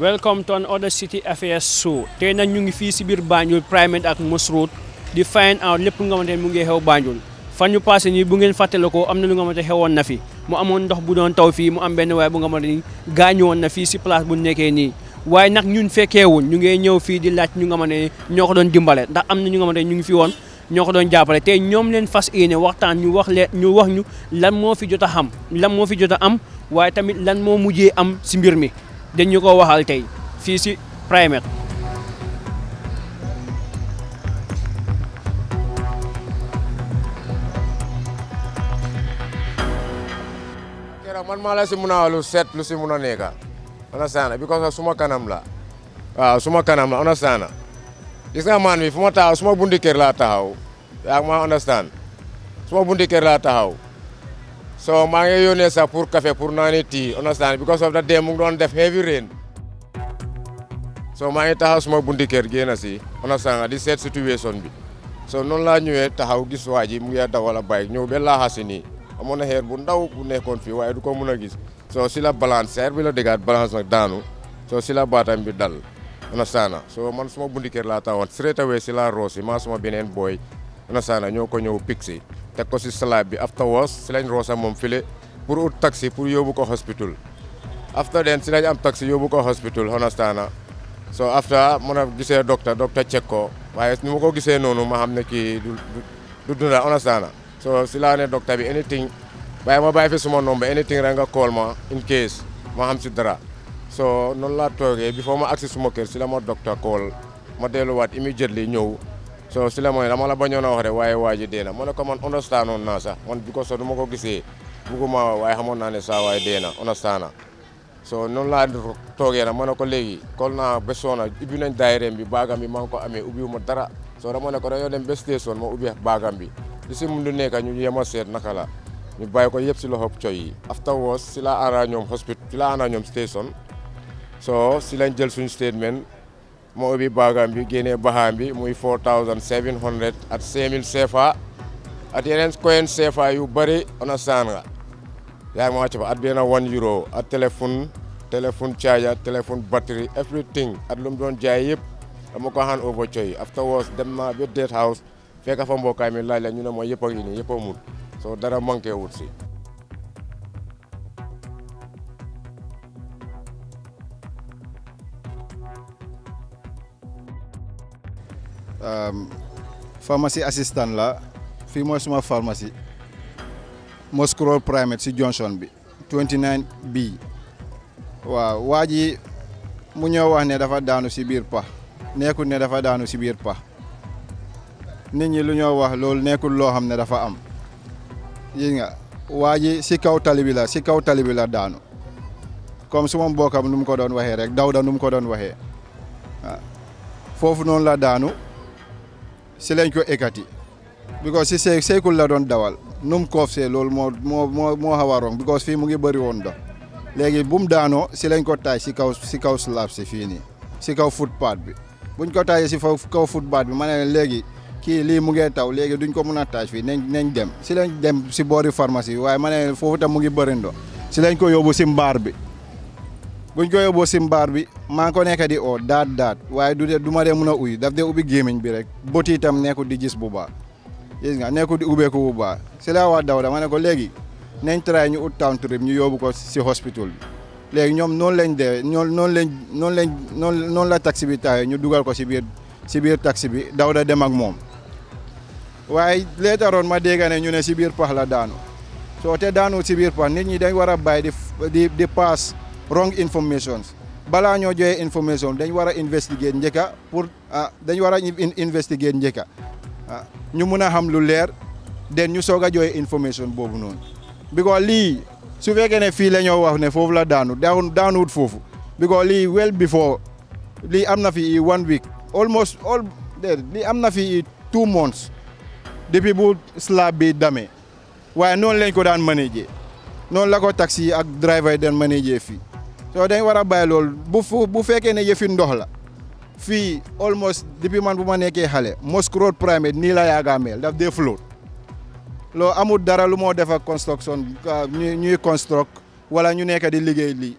welcome to another city affairs show tey nag ñu ngi fii si biir Banjul Primate ak Mos di find out lépp nga xamante ne mu ngi xew Banjul fan ñu passé nii bu ngeen fàttalikoo am na lu nga xamante xewoon na fi mu amoon ndox bu doon taw fii mu am benn waaye bu nga xamante ni gaañoon na fii si place bu nekkee nii waaye nag ñun fekkeewuñ ñu ngi ñëw fii di laaj ñu nga xamante ne ñoo ko doon dimbale ndax am na ñu nga ne ñu ngi fi woon ñoo ko doon jàppale tey ñoom leen fas ne waxtaan ñu wax leen ñu wax ñu lan moo fi jot a xam lan moo fi jot a am waaye tamit lan moo mujjee am si mbir mi dañ ñu ko waxal tey fii si primaire. keroog man maa la si mun a lu set lu si mun a nekk on a suma kanam la waaw suma kanam la on a saana maan bi fu ma taxaw suma bundi la laa taxaw yaa ma understand suma bundi kër laa taxaw. So mange yone sa pour café pour nani ti understand? Because of that day mung don def heavy rain. So mange taxaw suma bundi ker gena si, understand? Di set situation bi. So non la ñewé taxaw gis waji mu ya dawala bay bike be la hasini si her bu ndaw bu nekkon fi du ko mëna gis. So sila la balance, xeer bi la dëggaat balance nak daanu. So sila batam bi dal. Understand? So man suma bundi kër la taxawoon straight away si rosi ma maa suma boy. Understand? Ñoo konyu pixie. teg ko si slab bi after wash si lañ roosa moom file pour ut taxi pour yóbbu ko hospital after den si lañ am taxi yóbbu ko hospital honestana so after mun a gisee docteur docteur ko waaye ni ma ko gisee noonu ma xam ne kii du dunda honestana so si laa ne docteur bi anything bàyyi ma bàyyi fi suma nomba anything rek nga call ma in case ma xam si dara soo noonu laa toogee before ma agsi suma kër si la ma docteur call ma delluwaat immediately ñëw so si la mooy dama la bañoon a wax waaye waa ji dee na ma ne ko man understand oon naa sax man bi ko so du ma ko gisee bugguma waaye xamoon naa ne saa waaye dee na understand na so noonu laa toogee na ma ne ko léegi kol naa besoon na ubbi nañ daayireem bi baagam bi maa ngi ko amee ubbiwuma dara so dama ne ko dañoo dem ba station ma ubbi baagam bi li si mun nekk ñu yema seet naka la ñu bàyyi ko yëpp si loxo coy yi afterwards si laa ara ñoom hospital si laa ara ñoom station so si lañ jël suñu statement moo ubbi baagam bi génnee baxaam bi muy 4700 at 5000 CFA at yeneen coin CFA yu bëri on a saan nga yaa ngi ma wàcc fa at benn wan euro at téléphone téléphone charger téléphone battery everything at lu mu doon jaay yëpp dama ko hand over coy after was dem naa ba Date House fa mbokkaay mi laaj la ñu ne mooy yëpp a ngi nii yëpp a soo dara manqué wut si. Euh, pharmacie assistant la fii mooy suma pharmacie Mosque Road Primate si Johnson bi 29 bi waaw waa ji mu ñëw wax ne dafa daanu si biir pax nekkul ne dafa daanu si biir pax nit ñi lu ñoo wax loolu nekkul loo xam ne dafa am yi nga waa ji si kaw tali bi si kaw tali bi la daanu comme suma mbokkam nu mu ko doon waxee rek dawda nu mu ko doon waxee waaw foofu noonu la daanu si lañ ko ekati because si see seekul la doon dawal nu mu koof see loolu moo moo moo moo xaw a rong mu ngi bëri woon ndox léegi bu mu daanoo si lañ ko taay si kaw si kaw slab si fii nii si kaw footpath bi buñ ko taayee si fa kaw footpath bi ma ne léegi kii lii mu ngee taw léegi duñ ko mun a taaj fii nañ nañ dem si lañ dem si boori pharmacie waaye ma ne foofu tam mu ngi bëri ndox si lañ ko yóbbu si mbaar bi buñ ko yóbboo si mbaar bi maa ngi ko nekk di oo daat daat waaye du du ma dee mun a uy daf dee ubbi gémmiñ bi rek bët itam nekkul di gis bu baax gis nga nekkul di ubbeeku bu baax si laa daw dama ne ko léegi nañ tray ñu ut town trip ñu yóbbu ko si hospital bi léegi ñoom noonu lañ dee ñoom noonu lañ noonu lañ noonu la taxi bi taayee ñu dugal ko si biir si biir taxi bi daw da dem ak moom waaye leetaroon ma dégg ne ñu ne si biir pax la daanu soo te daanu si biir pax nit ñi dañ war a bàyyi di di di paas wrong informations Bala ñoo joye information dañ wara a investigate njëkka pour ah, dañ wara a investigate njëkka ah, ñu mëna xam lu leer den ñu soga joye information boobu noonu because li, su fekkee ne fii la wax ne fofu la daanu daanu daanuwut foofu because li well before li amna fi one week almost all there li amna fi two months depuis bu slab bi damé waye non lañ ko daan manager non la ko taxi ak driver den manager fi soo dañ war a bàyyi bu fu bu fekkee ne yëfi ndox la fii almost depuis man bu ma nekkee xale Mosque Road nii la yaaga mel daf dee loo amul dara lu moo def ak construction ah, ñuy construct wala ñu nekk di liggéey lii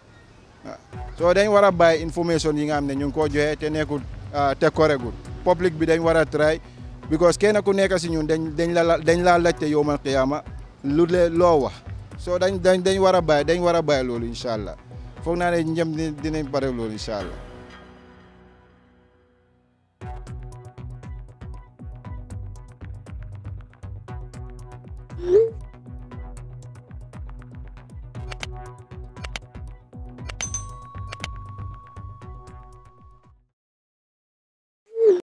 ah. soo dañ war a bàyyi information yi nga xam ne ñu ngi koo joxe te nekkul ah, te koregul public bi dañ war a try because kenn ku nekk si ñun dañ dañ la dañ laa laajte yowmal qiyaama lu le loo wax soo dañ dañ dañ war a bàyyi dañ war a bàyyi loolu allah foog naa ne njëm dinañ pare loolu incha allah. Mm-hmm.